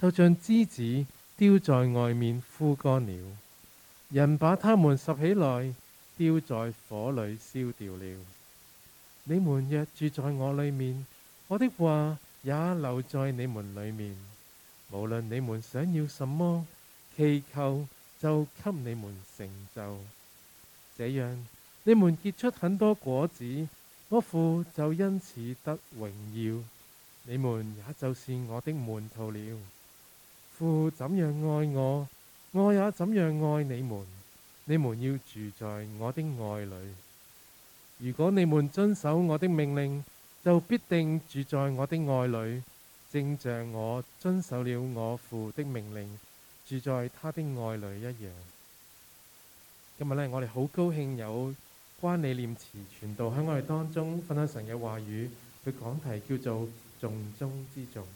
就像枝子丟在外面枯乾了，人把它們拾起來丟在火裏燒掉了。你們若住在我裏面，我的話也留在你們裏面。無論你們想要什麼，祈求就給你們成就。這樣，你們結出很多果子，我父就因此得榮耀。你們也就是我的門徒了。父怎樣愛我，我也怎樣愛你們。你們要住在我的愛裏。如果你們遵守我的命令，就必定住在我的愛裏，正像我遵守了我父的命令，住在他的愛裏一樣。今日呢，我哋好高興有關你念慈傳道喺我哋當中分享神嘅話語。佢講題叫做重中之重。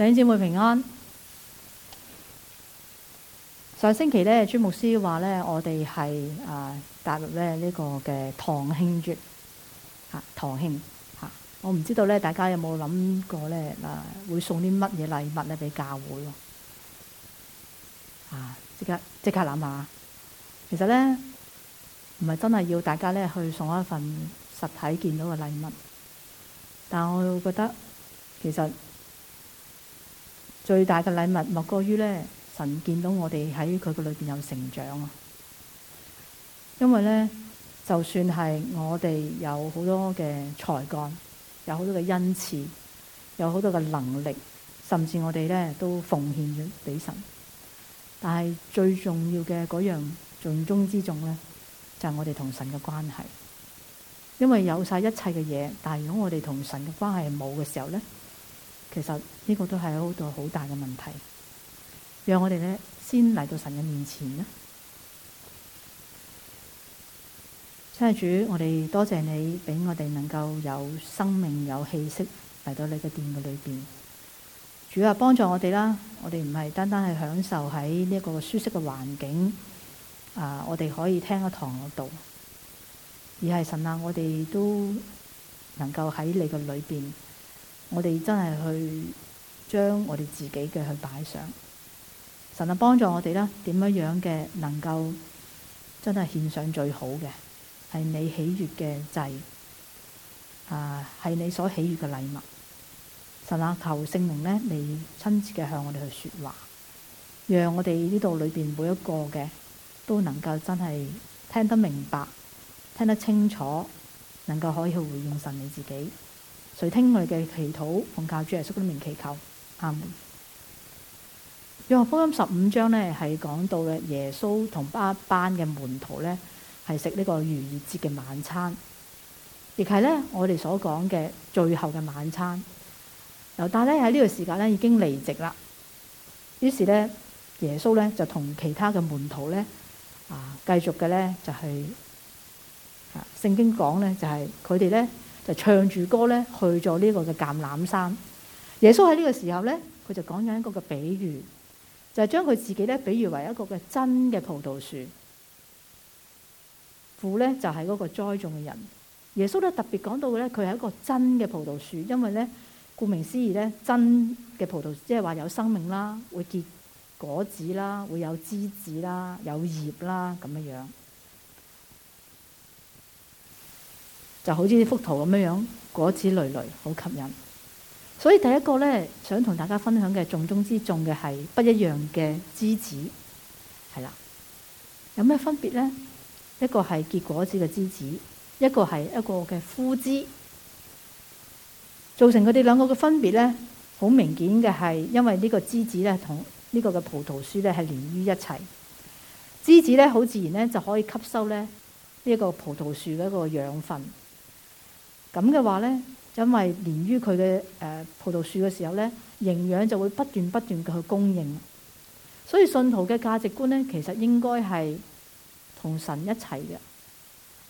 弟兄姊妹平安。上星期咧，朱牧師話咧，我哋係誒踏入咧呢個嘅堂慶節，吓、啊、堂慶吓、啊。我唔知道咧，大家有冇諗過咧嗱、啊，會送啲乜嘢禮物咧俾教會？啊，即刻即刻諗下。其實咧，唔係真係要大家咧去送一份實體見到嘅禮物，但係我覺得其實。最大嘅禮物莫過於咧，神見到我哋喺佢個裏邊有成長啊！因為咧，就算係我哋有好多嘅才幹，有好多嘅恩賜，有好多嘅能力，甚至我哋咧都奉獻咗俾神，但係最重要嘅嗰樣重中之重咧，就係我哋同神嘅關係。因為有晒一切嘅嘢，但係如果我哋同神嘅關係係冇嘅時候咧。其實呢、這個都係好多好大嘅問題，讓我哋咧先嚟到神嘅面前咧。親愛嘅主，我哋多謝你俾我哋能夠有生命有氣息嚟到你嘅殿嘅裏邊。主啊，幫助我哋啦！我哋唔係單單係享受喺呢個舒適嘅環境啊、呃，我哋可以聽一堂嘅道，而係神啊，我哋都能夠喺你嘅裏邊。我哋真係去將我哋自己嘅去擺上，神啊，幫助我哋啦，點樣樣嘅能夠真係獻上最好嘅，係你喜悅嘅祭，啊係你所喜悅嘅禮物。神啊求聖名咧，你親切嘅向我哋去說話，讓我哋呢度裏邊每一個嘅都能夠真係聽得明白，聽得清楚，能夠可以去回應神你自己。垂聽我哋嘅祈禱，奉教主耶穌的名祈求。阿們，約翰福音十五章咧係講到嘅耶穌同巴班嘅門徒咧係食呢個逾越節嘅晚餐，亦係咧我哋所講嘅最後嘅晚餐。猶大咧喺呢個時間咧已經離席啦，於是咧耶穌咧就同其他嘅門徒咧啊繼續嘅咧就係啊聖經講咧就係佢哋咧。唱住歌咧去咗呢個嘅橄欖山，耶穌喺呢個時候咧，佢就講咗一個嘅比喻，就係將佢自己咧比喻為一個嘅真嘅葡萄樹，父咧就係嗰個栽種嘅人。耶穌咧特別講到咧，佢係一個真嘅葡萄樹，因為咧顧名思義咧，真嘅葡萄即係話有生命啦，會結果子啦，會有枝子啦，有葉啦，咁樣樣。就好似呢幅圖咁樣樣，果子累累，好吸引。所以第一個咧，想同大家分享嘅重中之重嘅係不一樣嘅枝子係啦。有咩分別咧？一個係結果子嘅枝子，一個係一個嘅枯枝，造成佢哋兩個嘅分別咧。好明顯嘅係，因為呢個枝子咧同呢個嘅葡萄樹咧係連於一齊，枝子咧好自然咧就可以吸收咧呢一個葡萄樹嘅一個養分。咁嘅話咧，因為連於佢嘅誒葡萄樹嘅時候咧，營養就會不斷不斷嘅去供應。所以信徒嘅價值觀咧，其實應該係同神一齊嘅，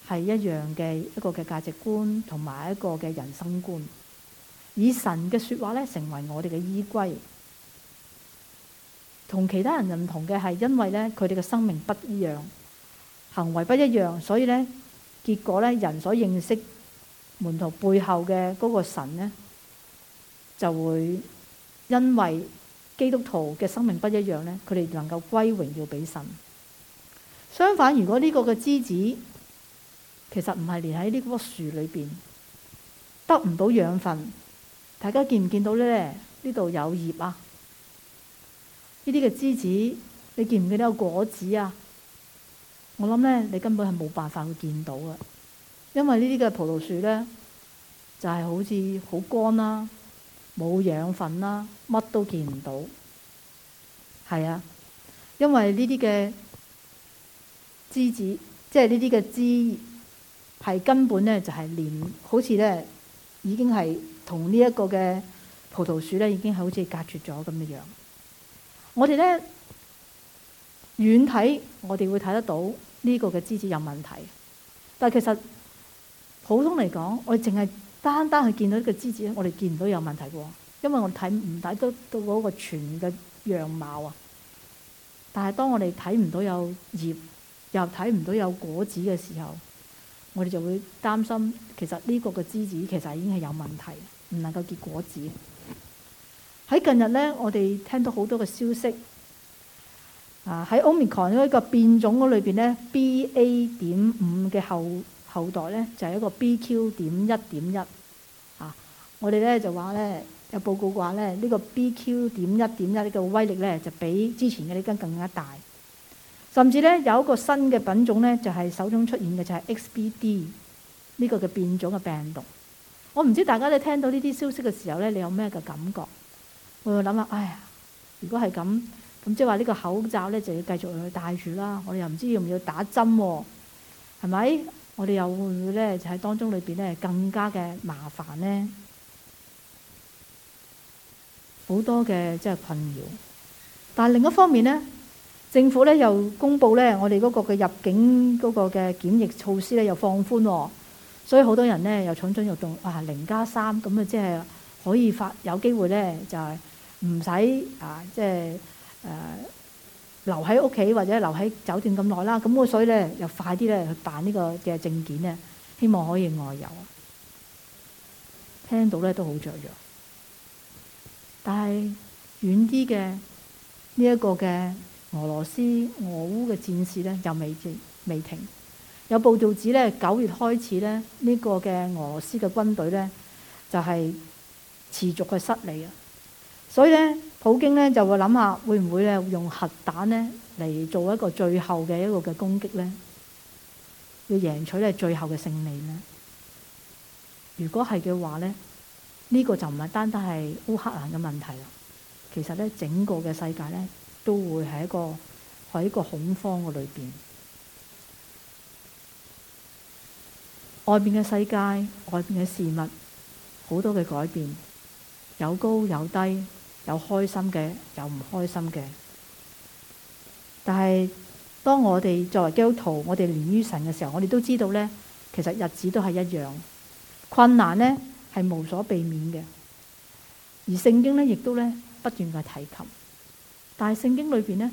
係一樣嘅一個嘅價值觀同埋一個嘅人生觀，以神嘅説話咧成為我哋嘅依歸。同其他人認同嘅係因為咧佢哋嘅生命不一樣，行為不一樣，所以咧結果咧人所認識。門徒背後嘅嗰個神呢，就會因為基督徒嘅生命不一樣咧，佢哋能夠歸榮耀俾神。相反，如果呢個嘅枝子，其實唔係連喺呢棵樹裏邊得唔到養分，大家見唔見到咧？呢度有葉啊，呢啲嘅枝子，你見唔見到有果子啊？我諗咧，你根本係冇辦法去見到啊！因為呢啲嘅葡萄樹咧，就係、是、好似好乾啦，冇養分啦、啊，乜都見唔到。係啊，因為呢啲嘅枝子，即係呢啲嘅枝，係根本咧就係、是、連好似咧已經係同呢一個嘅葡萄樹咧已經係好似隔絕咗咁嘅樣。我哋咧遠睇，我哋會睇得到呢個嘅枝子有問題，但係其實。普通嚟講，我哋淨係單單去見到一個枝子，我哋見唔到有問題嘅喎。因為我哋睇唔睇得到嗰個全嘅樣貌啊。但係當我哋睇唔到有葉，又睇唔到有果子嘅時候，我哋就會擔心，其實呢個嘅枝子其實已經係有問題，唔能夠結果子。喺近日咧，我哋聽到好多嘅消息啊，喺奧密克戎嗰個變種嗰裏邊咧，BA. 點五嘅後。後代咧就係、是、一個 BQ. 點一點一啊！我哋咧就話咧有報告話咧呢、這個 BQ. 點一點一呢個威力咧就比之前嘅呢間更加大，甚至咧有一個新嘅品種咧就係、是、手中出現嘅就係、是、XBD 呢個嘅變種嘅病毒。我唔知大家都聽到呢啲消息嘅時候咧，你有咩嘅感覺？我就諗下，哎呀，如果係咁咁，即係話呢個口罩咧就要繼續去戴住啦。我哋又唔知要唔要打針喎、啊，係咪？我哋又會唔會咧就喺當中裏邊咧更加嘅麻煩咧，好多嘅即係困擾。但係另一方面咧，政府咧又公佈咧我哋嗰個嘅入境嗰個嘅檢疫措施咧又放寬，所以好多人咧又蠢蠢欲動、呃，哇零加三咁啊，即係可以發有機會咧就係唔使啊，即係誒。留喺屋企或者留喺酒店咁耐啦，咁我所以呢，又快啲咧去辦呢個嘅證件呢，希望可以外遊。聽到咧都好雀躍，但係遠啲嘅呢一個、這個嘅俄羅斯俄烏嘅戰事呢，又未，未停，有報道指呢，九月開始咧呢、這個嘅俄羅斯嘅軍隊咧就係、是、持續嘅失利啊，所以呢。普京呢就會諗下會唔會用核彈呢嚟做一個最後嘅一個嘅攻擊呢？要贏取呢最後嘅勝利呢？如果係嘅話呢，呢個就唔係單單係烏克蘭嘅問題啦，其實呢整個嘅世界呢都會喺一個喺一個恐慌嘅裏面，外面嘅世界外面嘅事物好多嘅改變，有高有低。有開心嘅，有唔開心嘅。但係當我哋作為基督徒，我哋連於神嘅時候，我哋都知道咧，其實日子都係一樣，困難咧係無所避免嘅。而聖經咧亦都咧不斷嘅提及。但係聖經裏邊咧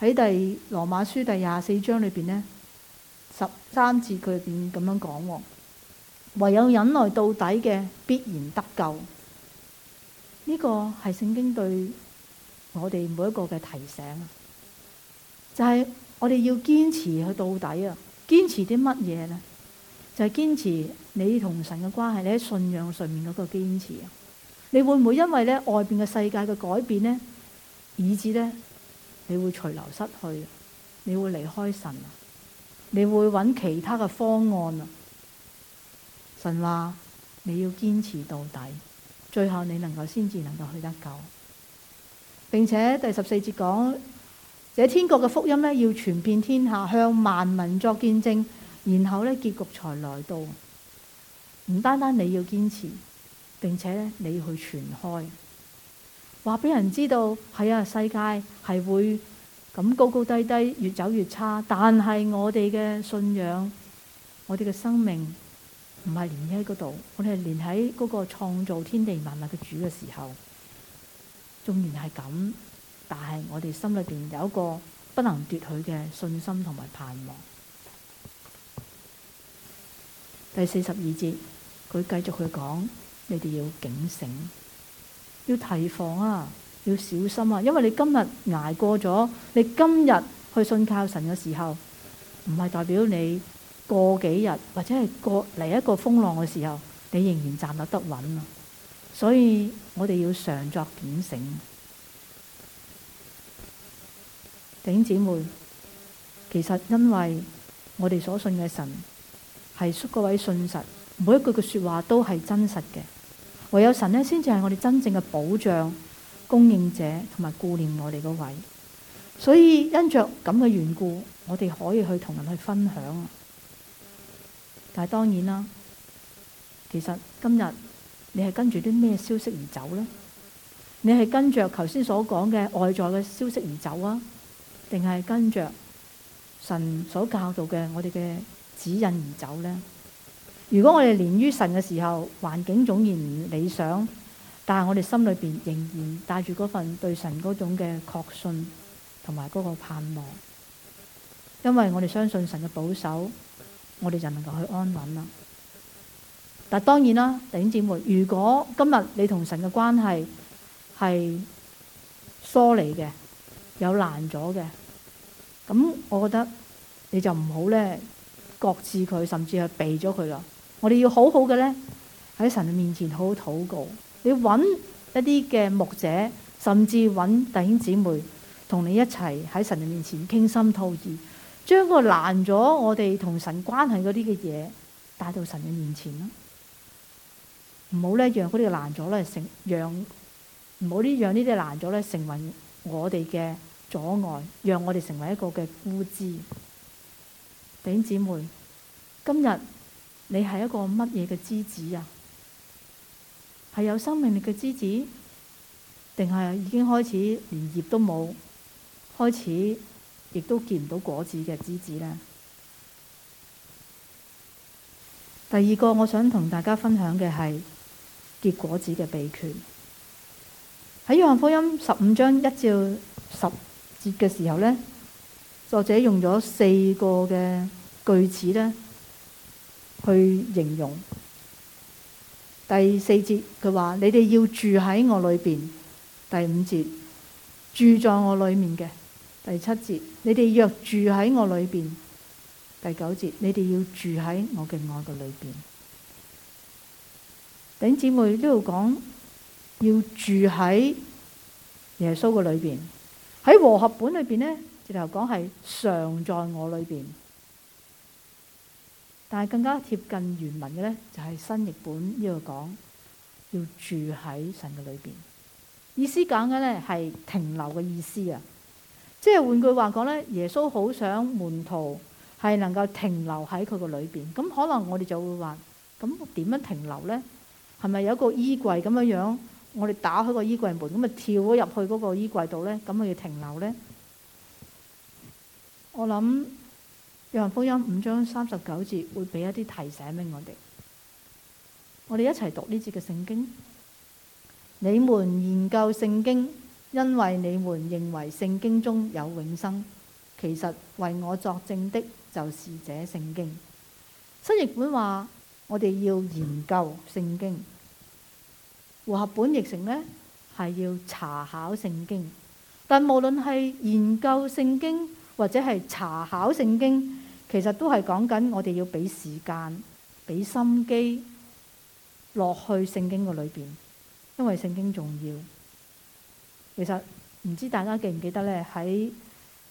喺第羅馬書第二十四章裏邊咧十三節佢入邊咁樣講，唯有忍耐到底嘅，必然得救。呢個係聖經對我哋每一個嘅提醒啊，就係我哋要堅持去到底啊！堅持啲乜嘢咧？就係堅持你同神嘅關係，你喺信仰上面嗰個堅持啊！你會唔會因為咧外邊嘅世界嘅改變咧，以致咧你會隨流失去，你會離開神啊？你會揾其他嘅方案啊？神話你要堅持到底。最後你能夠先至能夠去得久，並且第十四節講，這天國嘅福音咧要傳遍天下，向萬民作見證，然後咧結局才來到。唔單單你要堅持，並且咧你要去傳開，話俾人知道，係啊，世界係會咁高高低低越走越差，但係我哋嘅信仰，我哋嘅生命。唔係連喺嗰度，我哋係連喺嗰個創造天地萬物嘅主嘅時候，縱然係咁，但係我哋心裏邊有一個不能奪去嘅信心同埋盼望。第四十二節，佢繼續去講：你哋要警醒，要提防啊，要小心啊，因為你今日捱過咗，你今日去信靠神嘅時候，唔係代表你。過幾日或者係過嚟，一個風浪嘅時候，你仍然站立得穩啊！所以我哋要常作警醒，弟兄姊妹。其實因為我哋所信嘅神係出嗰位信實，每一句嘅說話都係真實嘅。唯有神咧，先至係我哋真正嘅保障供應者同埋顧念我哋嗰位。所以因着咁嘅緣故，我哋可以去同人去分享。但當然啦，其實今日你係跟住啲咩消息而走呢？你係跟着頭先所講嘅外在嘅消息而走啊，定係跟着神所教導嘅我哋嘅指引而走呢？如果我哋連於神嘅時候，環境縱然唔理想，但係我哋心裏邊仍然帶住嗰份對神嗰種嘅確信同埋嗰個盼望，因為我哋相信神嘅保守。我哋就能夠去安穩啦。但係當然啦，弟兄姊妹，如果今日你同神嘅關係係疏離嘅，有難咗嘅，咁我覺得你就唔好咧，擱置佢，甚至係避咗佢啦。我哋要好好嘅咧，喺神嘅面前好好禱告。你揾一啲嘅牧者，甚至揾弟兄姊妹，同你一齊喺神嘅面前傾心吐意。將嗰個難咗我哋同神關係嗰啲嘅嘢，帶到神嘅面前咯，唔好咧，讓嗰啲難咗咧，成讓唔好呢，讓呢啲難咗咧成為我哋嘅阻礙，讓我哋成為一個嘅枯枝。弟兄姊妹，今日你係一個乜嘢嘅枝子啊？係有生命力嘅枝子，定係已經開始連葉都冇，開始？亦都見唔到果子嘅枝子咧。第二個，我想同大家分享嘅係結果子嘅秘訣。喺《約翰福音》十五章一至十節嘅時候咧，作者用咗四個嘅句子咧去形容。第四節佢話：你哋要住喺我裏邊。第五節住在我裏面嘅。第七節，你哋若住喺我裏邊；第九節，你哋要住喺我嘅愛嘅裏邊。弟兄姊妹，呢度講要住喺耶穌嘅裏邊。喺和合本裏邊呢，直頭講係常在我裏邊。但係更加貼近原文嘅呢，就係新譯本呢度講要住喺神嘅裏邊。意思講嘅呢，係停留嘅意思啊。即係換句話講咧，耶穌好想門徒係能夠停留喺佢個裏邊。咁可能我哋就會話：咁點樣停留咧？係咪有一個衣櫃咁樣樣？我哋打開個衣櫃門，咁咪跳咗入去嗰個衣櫃度咧？咁咪要停留咧？我諗約翰福音五章三十九節會俾一啲提醒俾我哋。我哋一齊讀呢節嘅聖經。你們研究聖經。因為你們認為聖經中有永生，其實為我作證的就是這聖經。新譯本話我哋要研究聖經，和合本譯成呢，係要查考聖經。但無論係研究聖經或者係查考聖經，其實都係講緊我哋要俾時間、俾心機落去聖經個裏邊，因為聖經重要。其實唔知大家記唔記得呢？喺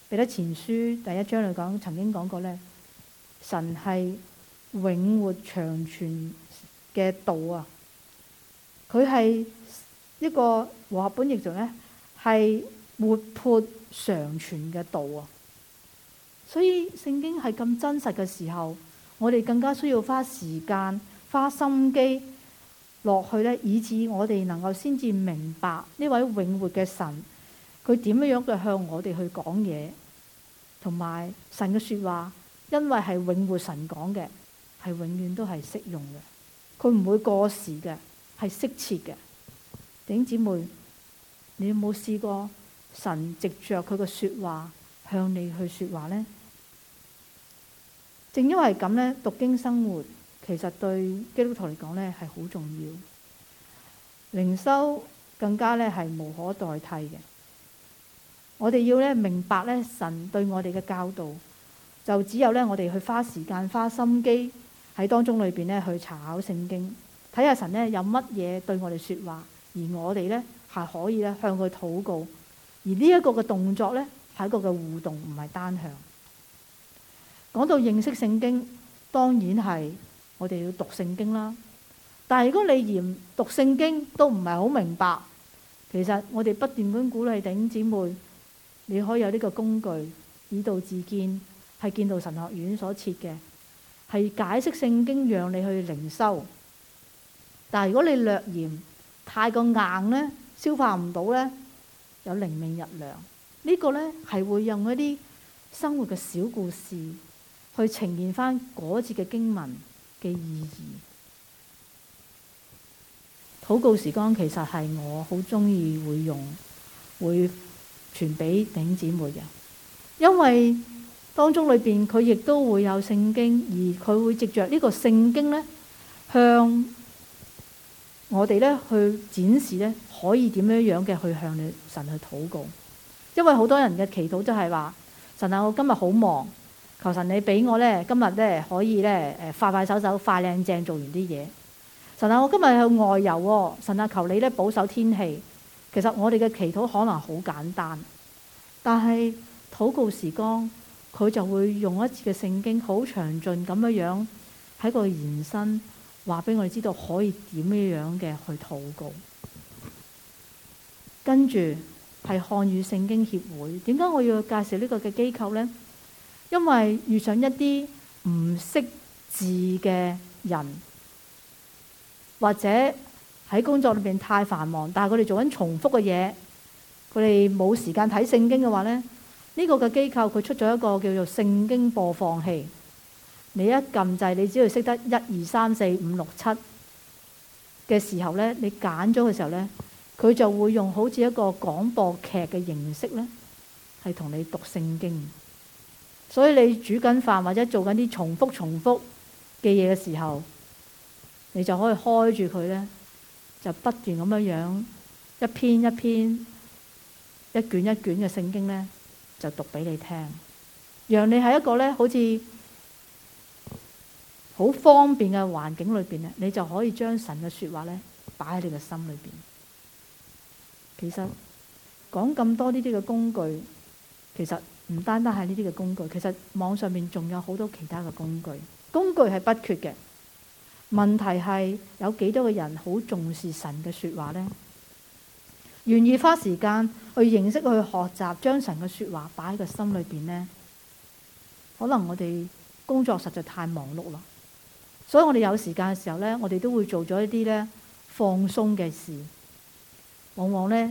彼得前書第一章裏講，曾經講過呢：「神係永活長存嘅道啊。佢係一個和合本譯做呢係活潑常存嘅道啊。所以聖經係咁真實嘅時候，我哋更加需要花時間、花心機，落去呢，以致我哋能夠先至明白呢位永活嘅神，佢點樣樣去向我哋去講嘢，同埋神嘅說話，因為係永活神講嘅，係永遠都係適用嘅，佢唔會過時嘅，係適切嘅。弟兄姊妹，你有冇試過神藉着佢嘅說話向你去說話呢？正因為咁呢，讀經生活。其實對基督徒嚟講咧係好重要，靈修更加咧係無可代替嘅。我哋要咧明白咧神對我哋嘅教導，就只有咧我哋去花時間花心機喺當中裏邊咧去查考聖經，睇下神咧有乜嘢對我哋説話，而我哋咧係可以咧向佢禱告。而呢一個嘅動作咧係一個嘅互動，唔係單向。講到認識聖經，當然係。我哋要讀聖經啦，但係如果你嫌讀聖經都唔係好明白，其實我哋不斷咁鼓勵弟兄姊妹，你可以有呢個工具以道自建，係建道神學院所設嘅，係解釋聖經讓你去靈修。但係如果你略嫌太過硬咧，消化唔到呢，有靈命日糧。呢、呢個呢，係會用一啲生活嘅小故事去呈現翻嗰節嘅經文。嘅意義，禱告時光其實係我好鍾意會用，會傳俾弟兄姊妹嘅，因為當中裏邊佢亦都會有聖經，而佢會藉着呢個聖經咧，向我哋咧去展示咧，可以點樣樣嘅去向你神去禱告，因為好多人嘅祈禱都係話，神啊，我今日好忙。求神你俾我咧，今日咧可以咧，誒快快手手快靚正做完啲嘢。神啊，我今日去外遊喎，哦。神啊，求你咧保守天氣。其實我哋嘅祈禱可能好簡單，但係禱告時光佢就會用一次嘅聖經好詳盡咁樣樣喺個延伸，話俾我哋知道可以點樣樣嘅去禱告。跟住係漢語聖經協會。點解我要介紹呢個嘅機構咧？因為遇上一啲唔識字嘅人，或者喺工作裏邊太繁忙，但係佢哋做緊重複嘅嘢，佢哋冇時間睇聖經嘅話咧，呢個嘅機構佢出咗一個叫做聖經播放器，你一撳掣，你只要識得一二三四五六七嘅時候咧，你揀咗嘅時候咧，佢就會用好似一個廣播劇嘅形式咧，係同你讀聖經。所以你煮緊飯或者做緊啲重複重複嘅嘢嘅時候，你就可以開住佢咧，就不斷咁樣樣一篇一篇，一卷一卷嘅聖經咧，就讀俾你聽，讓你喺一個咧好似好方便嘅環境裏邊咧，你就可以將神嘅說話咧，擺喺你嘅心裏邊。其實講咁多呢啲嘅工具，其實。唔單單係呢啲嘅工具，其實網上面仲有好多其他嘅工具。工具係不缺嘅，問題係有幾多個人好重視神嘅説話呢？願意花時間去認識、去學習，將神嘅説話擺喺個心裏邊呢？可能我哋工作實在太忙碌啦，所以我哋有時間嘅時候咧，我哋都會做咗一啲咧放鬆嘅事。往往咧，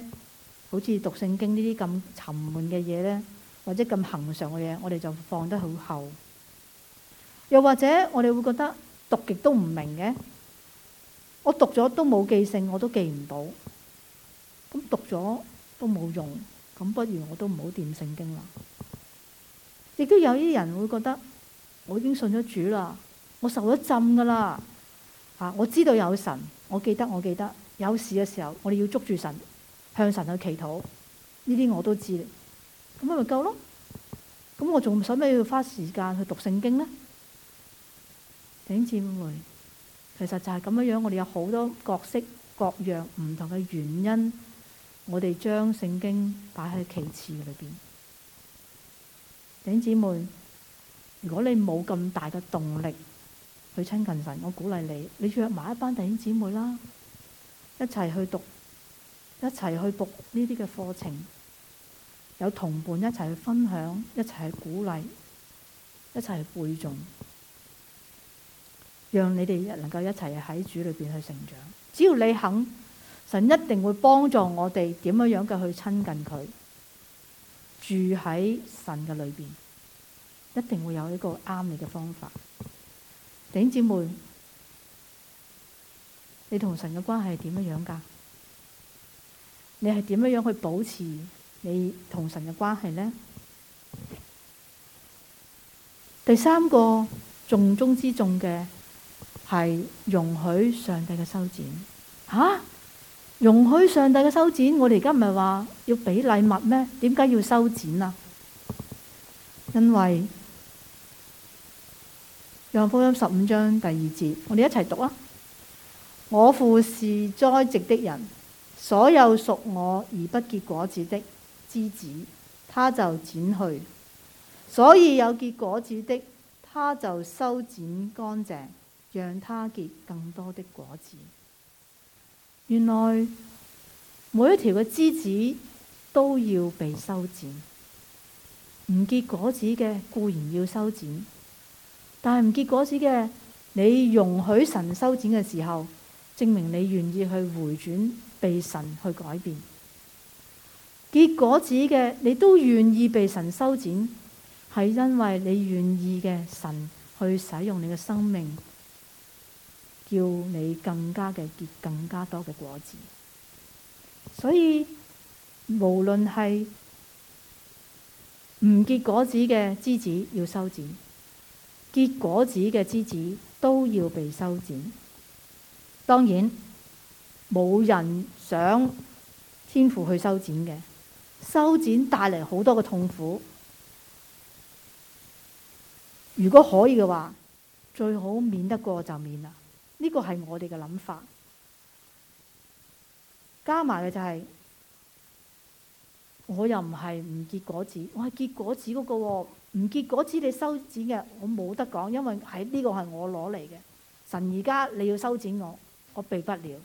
好似讀聖經呢啲咁沉悶嘅嘢咧。或者咁恒常嘅嘢，我哋就放得好厚。又或者我哋會覺得讀極都唔明嘅，我讀咗都冇記性，我都記唔到。咁讀咗都冇用，咁不如我都唔好掂聖經啦。亦都有啲人會覺得，我已經信咗主啦，我受咗浸㗎喇。啊，我知道有神，我記得我記得有事嘅時候，我哋要捉住神，向神去祈禱，呢啲我都知。咁咪咪夠咯，咁我仲使咩要花時間去讀聖經呢？弟兄姊妹，其實就係咁樣樣，我哋有好多角色，各樣唔同嘅原因，我哋將聖經擺喺其次裏邊。弟兄姊妹，如果你冇咁大嘅動力去親近神，我鼓勵你，你約埋一班弟兄姊妹啦，一齊去讀，一齊去讀呢啲嘅課程。有同伴一齊去分享，一齊去鼓勵，一齊去背誦，讓你哋能夠一齊喺主裏邊去成長。只要你肯，神一定會幫助我哋點樣樣嘅去親近佢，住喺神嘅裏邊，一定會有一個啱你嘅方法。弟兄姊妹，你同神嘅關係係點樣樣噶你係點樣樣去保持？你同神嘅關係呢？第三個重中之重嘅係容許上帝嘅修剪，啊。容許上帝嘅修剪，我哋而家唔係話要畀禮物咩？點解要修剪啊？因為《約翰福音》十五章第二節，我哋一齊讀啦。我父是栽植的人，所有屬我而不結果子的。枝子，它就剪去，所以有結果子的，它就修剪乾淨，讓它結更多的果子。原來每一條嘅枝子都要被修剪，唔結果子嘅固然要修剪，但係唔結果子嘅，你容許神修剪嘅時候，證明你願意去回轉，被神去改變。結果子嘅你都願意被神修剪，係因為你願意嘅神去使用你嘅生命，叫你更加嘅結，更加多嘅果子。所以，無論係唔結果子嘅枝子要修剪，結果子嘅枝子都要被修剪。當然，冇人想天父去修剪嘅。修剪帶嚟好多嘅痛苦。如果可以嘅話，最好免得過就免啦。呢個係我哋嘅諗法。加埋嘅就係，我又唔係唔結果子，我係結果子嗰個喎。唔結果子你修剪嘅，我冇得講，因為係呢個係我攞嚟嘅。神而家你要修剪我，我避不了。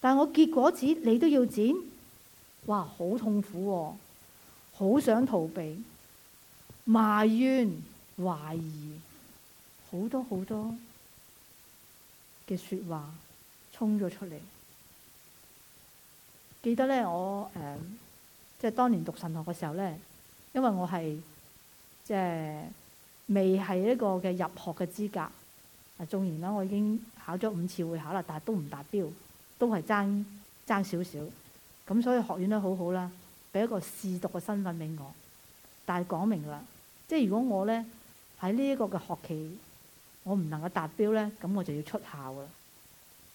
但係我結果子，你都要剪。哇，好痛苦喎、啊，好想逃避，埋怨、懷疑，好多好多嘅説話衝咗出嚟。記得咧，我誒、呃、即係當年讀神學嘅時候咧，因為我係即係未係一個嘅入學嘅資格。啊，縱然啦，我已經考咗五次會考啦，但係都唔達標，都係爭爭少少。咁所以學院咧好好啦，俾一個試讀嘅身份俾我，但係講明㗎啦，即係如果我咧喺呢一個嘅學期，我唔能夠達標咧，咁我就要出校㗎啦。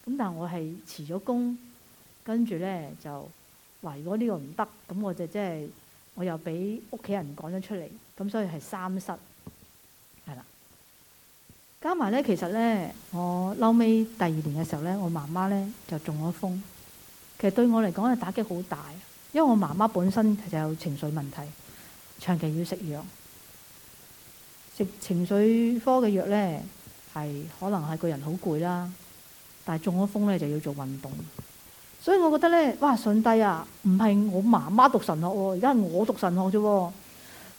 咁但係我係辭咗工，跟住咧就話如果呢個唔得，咁我就即、就、係、是、我又俾屋企人趕咗出嚟，咁所以係三失，係啦。加埋咧，其實咧我後尾第二年嘅時候咧，我媽媽咧就中咗風。其實對我嚟講，係打擊好大，因為我媽媽本身就有情緒問題，長期要食藥，食情緒科嘅藥咧，係可能係個人好攰啦。但係中咗風咧，就要做運動。所以我覺得咧，哇，上帝啊，唔係我媽媽讀神學喎，而家係我讀神學啫，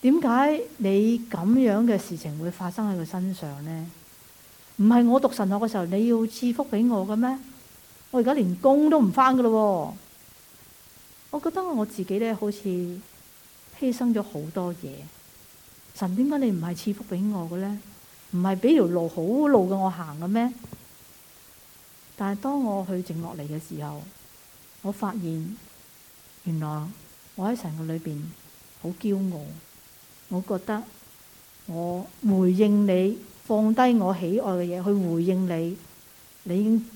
點解你咁樣嘅事情會發生喺佢身上咧？唔係我讀神學嘅時候，你要賜福俾我嘅咩？我而家連工都唔返嘅咯，我覺得我自己咧好似犧牲咗好多嘢。神，點解你唔係賜福畀我嘅咧？唔係畀條路好路嘅我行嘅咩？但係當我去靜落嚟嘅時候，我發現原來我喺神嘅裏邊好驕傲，我覺得我回應你，放低我喜愛嘅嘢去回應你，你已經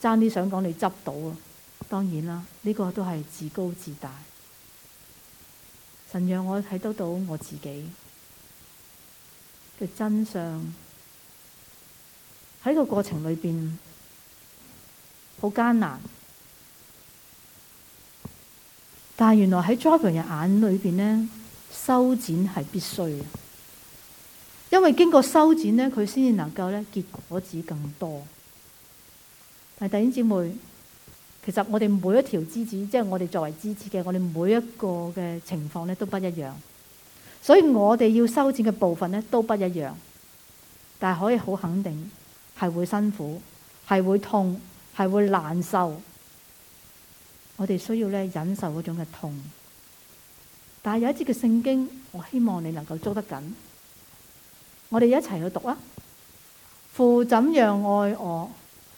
爭啲想講你執到啊！當然啦，呢個都係自高自大。神讓我睇得到我自己嘅真相，喺個過程裏邊好艱難，但係原來喺栽培人嘅眼裏邊咧，修剪係必須嘅，因為經過修剪咧，佢先至能夠咧結果子更多。係弟兄姊妹，其實我哋每一條枝子，即係我哋作為枝子嘅，我哋每一個嘅情況咧都不一樣，所以我哋要修剪嘅部分咧都不一樣，但係可以好肯定係會辛苦，係會痛，係會難受。我哋需要咧忍受嗰種嘅痛，但係有一節嘅聖經，我希望你能夠捉得緊，我哋一齊去讀啊！父怎樣愛我？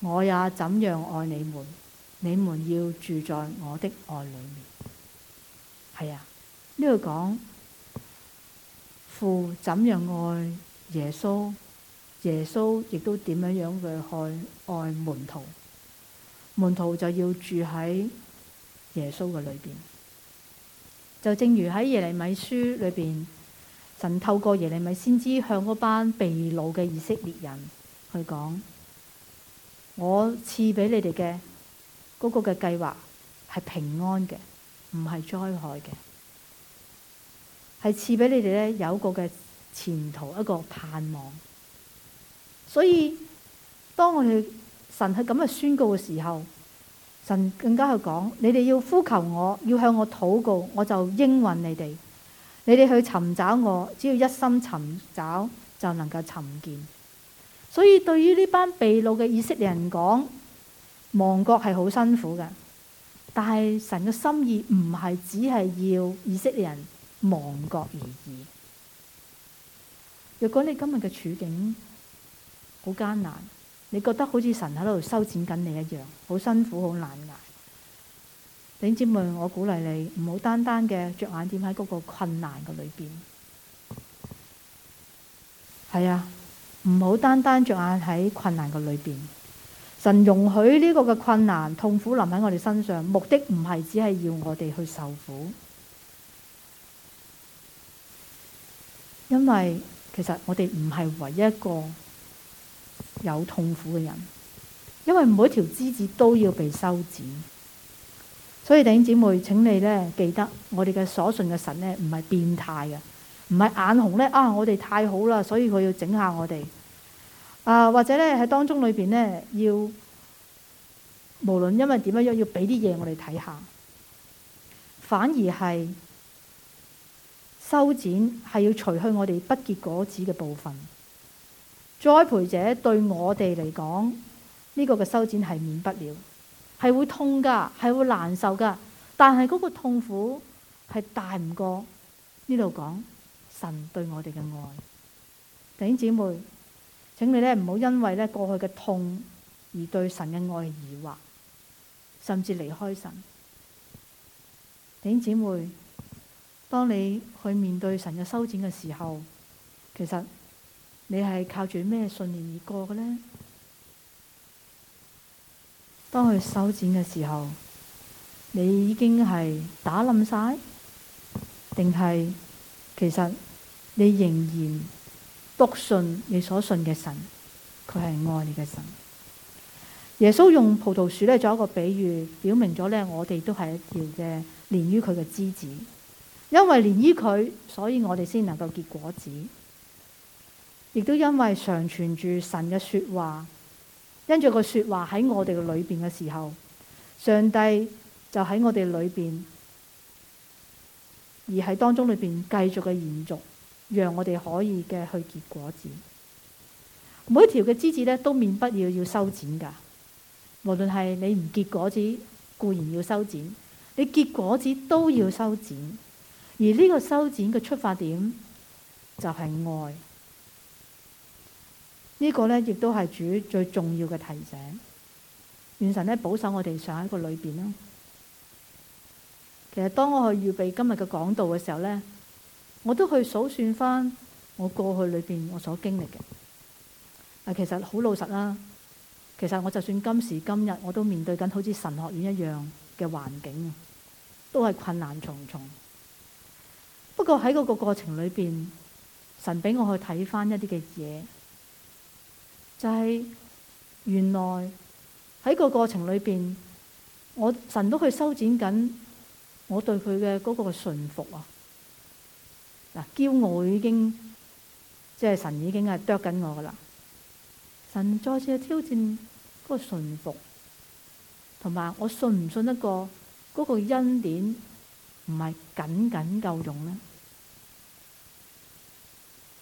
我也怎樣愛你們，你們要住在我的愛裏面。係啊，呢度講父怎樣愛耶穌，耶穌亦都點樣樣去愛愛門徒，門徒就要住喺耶穌嘅裏邊。就正如喺耶利米書裏邊，神透過耶利米先知向嗰班被擄嘅以色列人去講。我賜俾你哋嘅嗰個嘅計劃係平安嘅，唔係災害嘅，係賜俾你哋咧有一個嘅前途，一個盼望。所以當我哋神去噉樣宣告嘅時候，神更加去講：你哋要呼求我，要向我禱告，我就應允你哋。你哋去尋找我，只要一心尋找就能夠尋見。所以對於呢班被擄嘅以色列人講，亡國係好辛苦嘅。但係神嘅心意唔係只係要以色列人亡國而已。若果你今日嘅處境好艱難，你覺得好似神喺度修剪緊你一樣，好辛苦好難捱。弟兄姊妹，我鼓勵你唔好單單嘅着眼點喺嗰個困難嘅裏邊。係啊。唔好單單着眼喺困難嘅裏邊，神容許呢個嘅困難、痛苦臨喺我哋身上，目的唔係只係要我哋去受苦，因為其實我哋唔係唯一一個有痛苦嘅人，因為每條枝子，都要被修剪，所以弟兄姊妹，請你咧記得，我哋嘅所信嘅神咧唔係變態嘅。唔係眼紅咧啊！我哋太好啦，所以佢要整下我哋啊，或者咧喺當中裏邊咧，要無論因為點樣樣，要俾啲嘢我哋睇下。反而係修剪係要除去我哋不結果子嘅部分。栽培者對我哋嚟講，呢個嘅修剪係免不了，係會痛㗎，係會難受㗎。但係嗰個痛苦係大唔過呢度講。神對我哋嘅愛，弟兄姊妹，請你呢唔好因為呢過去嘅痛而對神嘅愛疑惑，甚至離開神。弟兄姊妹，當你去面對神嘅修剪嘅時候，其實你係靠住咩信念而過嘅呢？當佢修剪嘅時候，你已經係打冧晒，定係其實？你仍然篤信你所信嘅神，佢係愛你嘅神。耶穌用葡萄樹嚟，做一個比喻，表明咗咧，我哋都係一條嘅連於佢嘅枝子，因為連於佢，所以我哋先能夠結果子。亦都因為常存住神嘅說話，因住個說話喺我哋嘅裏邊嘅時候，上帝就喺我哋裏邊，而喺當中裏邊繼續嘅延續。讓我哋可以嘅去結果子，每一條嘅枝子咧都免不了要修剪㗎。無論係你唔結果子，固然要修剪；你結果子都要修剪。而呢個修剪嘅出發點就係、是、愛。這個、呢個咧亦都係主最重要嘅提醒。願神咧保守我哋上一個裏邊啦。其實當我去預備今日嘅講道嘅時候咧。我都去數算翻我過去裏邊我所經歷嘅，啊，其實好老實啦。其實我就算今時今日，我都面對緊好似神學院一樣嘅環境，都係困難重重。不過喺嗰個過程裏邊，神俾我去睇翻一啲嘅嘢，就係原來喺個過程裏邊，我神都去修剪緊我對佢嘅嗰個順服啊。嗱，驕傲已經，即係神已經係啄緊我噶啦。神再次去挑戰嗰個信服，同埋我信唔信得過嗰個恩典，唔係僅僅夠用呢？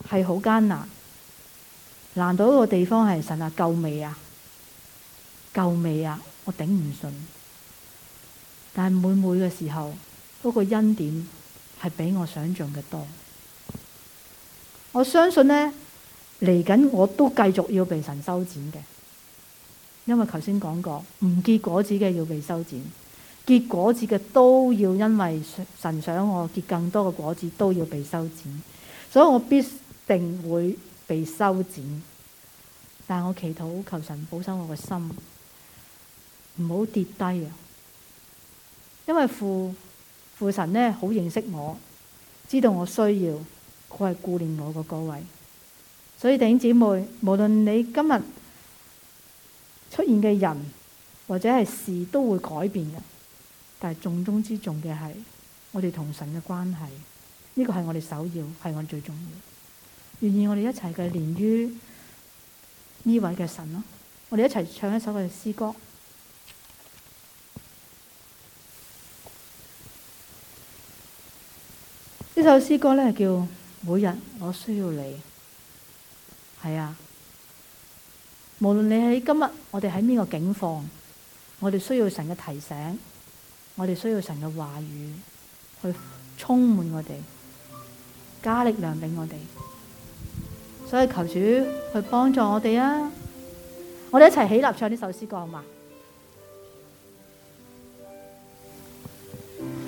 係好艱難。難到一個地方係神啊夠未啊？夠未啊？我頂唔順。但係每每嘅時候，嗰個恩典。係比我想象嘅多，我相信咧，嚟緊我都繼續要被神修剪嘅，因為頭先講過，唔結果子嘅要被修剪，結果子嘅都要因為神想我結更多嘅果子，都要被修剪，所以我必定會被修剪，但我祈禱求求神保守我個心，唔好跌低啊，因為負。父神呢，好認識我，知道我需要，佢係顧念我嘅各位，所以弟兄姊妹，無論你今日出現嘅人或者係事都會改變嘅，但係重中之重嘅係我哋同神嘅關係，呢個係我哋首要，係我最重要，願意我哋一齊嘅連於呢位嘅神咯，我哋一齊唱一首佢嘅詩歌。呢首詩歌咧叫《每日我需要你》，係啊，無論你喺今日，我哋喺邊個境況，我哋需要神嘅提醒，我哋需要神嘅話語去充滿我哋，加力量俾我哋，所以求主去幫助我哋啊！我哋一齊起，起立唱呢首詩歌好嘛？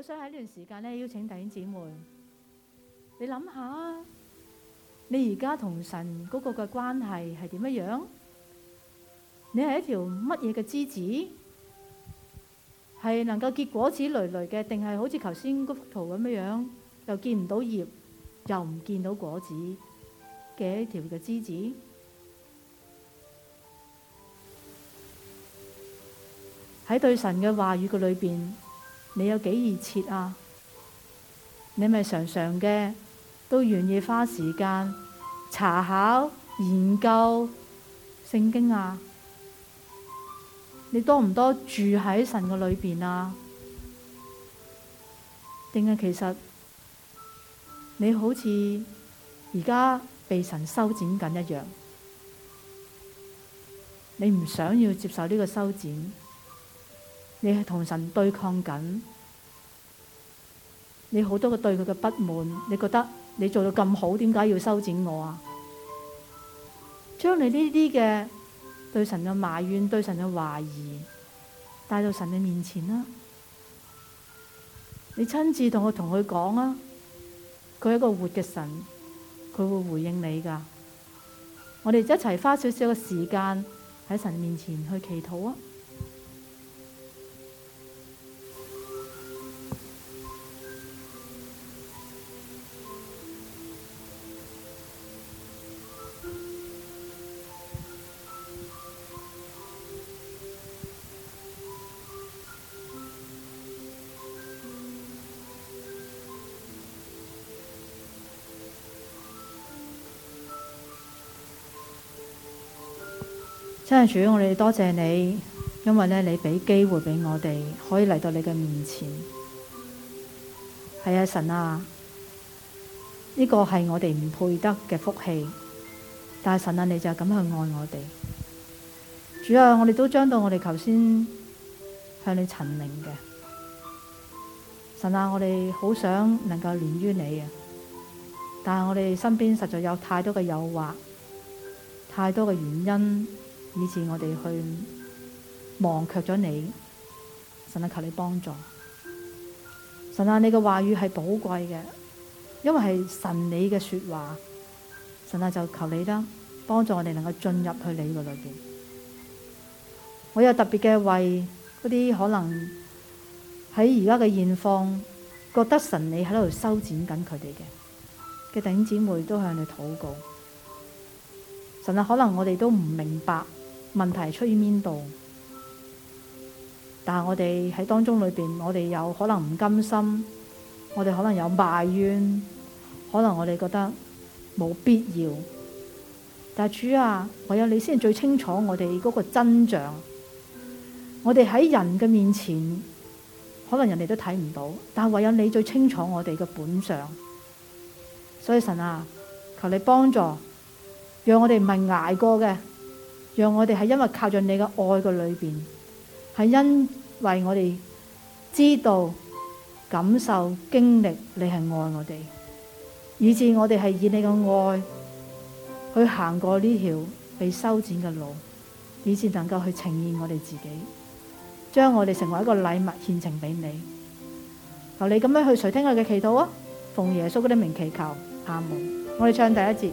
我想喺呢段時間呢，邀請弟兄姊妹，你諗下，你而家同神嗰個嘅關係係點樣樣？你係一條乜嘢嘅枝子？係能夠結果子累累嘅，定係好似頭先嗰幅圖咁樣樣，又見唔到葉，又唔見到果子嘅一條嘅枝子？喺對神嘅話語嘅裏邊。你有幾熱切啊？你咪常常嘅都願意花時間查考研究聖經啊？你多唔多住喺神嘅裏面啊？定係其實你好似而家被神修剪緊一樣，你唔想要接受呢個修剪？你係同神對抗緊，你好多個對佢嘅不滿，你覺得你做到咁好，點解要修剪我啊？將你呢啲嘅對神嘅埋怨、對神嘅懷疑，帶到神嘅面前啦。你親自同我同佢講啊，佢係一個活嘅神，佢會回應你㗎。我哋一齊花少少嘅時間喺神面前去祈禱啊！真係主，我哋多謝你，因為咧你俾機會畀我哋可以嚟到你嘅面前。係啊，神啊，呢個係我哋唔配得嘅福氣，但係神啊，你就咁去愛我哋。主啊，我哋都將到我哋頭先向你陳明嘅。神啊，我哋好想能夠連於你啊，但係我哋身邊實在有太多嘅誘惑，太多嘅原因。以前我哋去忘卻咗你，神啊，求你幫助，神啊你嘅話語係寶貴嘅，因為係神你嘅說話，神啊，就求你啦，幫助我哋能夠進入去你嘅裏邊。我有特別嘅為嗰啲可能喺而家嘅現況覺得神你喺度修剪緊佢哋嘅嘅弟兄姊妹都向你禱告，神啊，可能我哋都唔明白。問題出於邊度？但係我哋喺當中裏邊，我哋有可能唔甘心，我哋可能有埋怨，可能我哋覺得冇必要。但係主啊，唯有你先至最清楚我哋嗰個真相。我哋喺人嘅面前，可能人哋都睇唔到，但係唯有你最清楚我哋嘅本相。所以神啊，求你幫助，讓我哋唔係捱過嘅。讓我哋係因為靠近你嘅愛嘅裏邊，係因為我哋知道感受經歷你係愛我哋，以至我哋係以你嘅愛去行過呢條被修剪嘅路，以至能夠去呈現我哋自己，將我哋成為一個禮物獻呈俾你。求你咁樣去垂聽我嘅祈禱啊！奉耶穌嘅名祈求阿門。我哋唱第一節。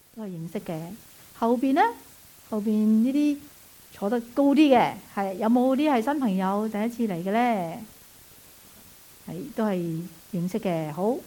都係認識嘅，後邊咧，後邊呢啲坐得高啲嘅，係有冇啲係新朋友第一次嚟嘅咧？係都係認識嘅。好。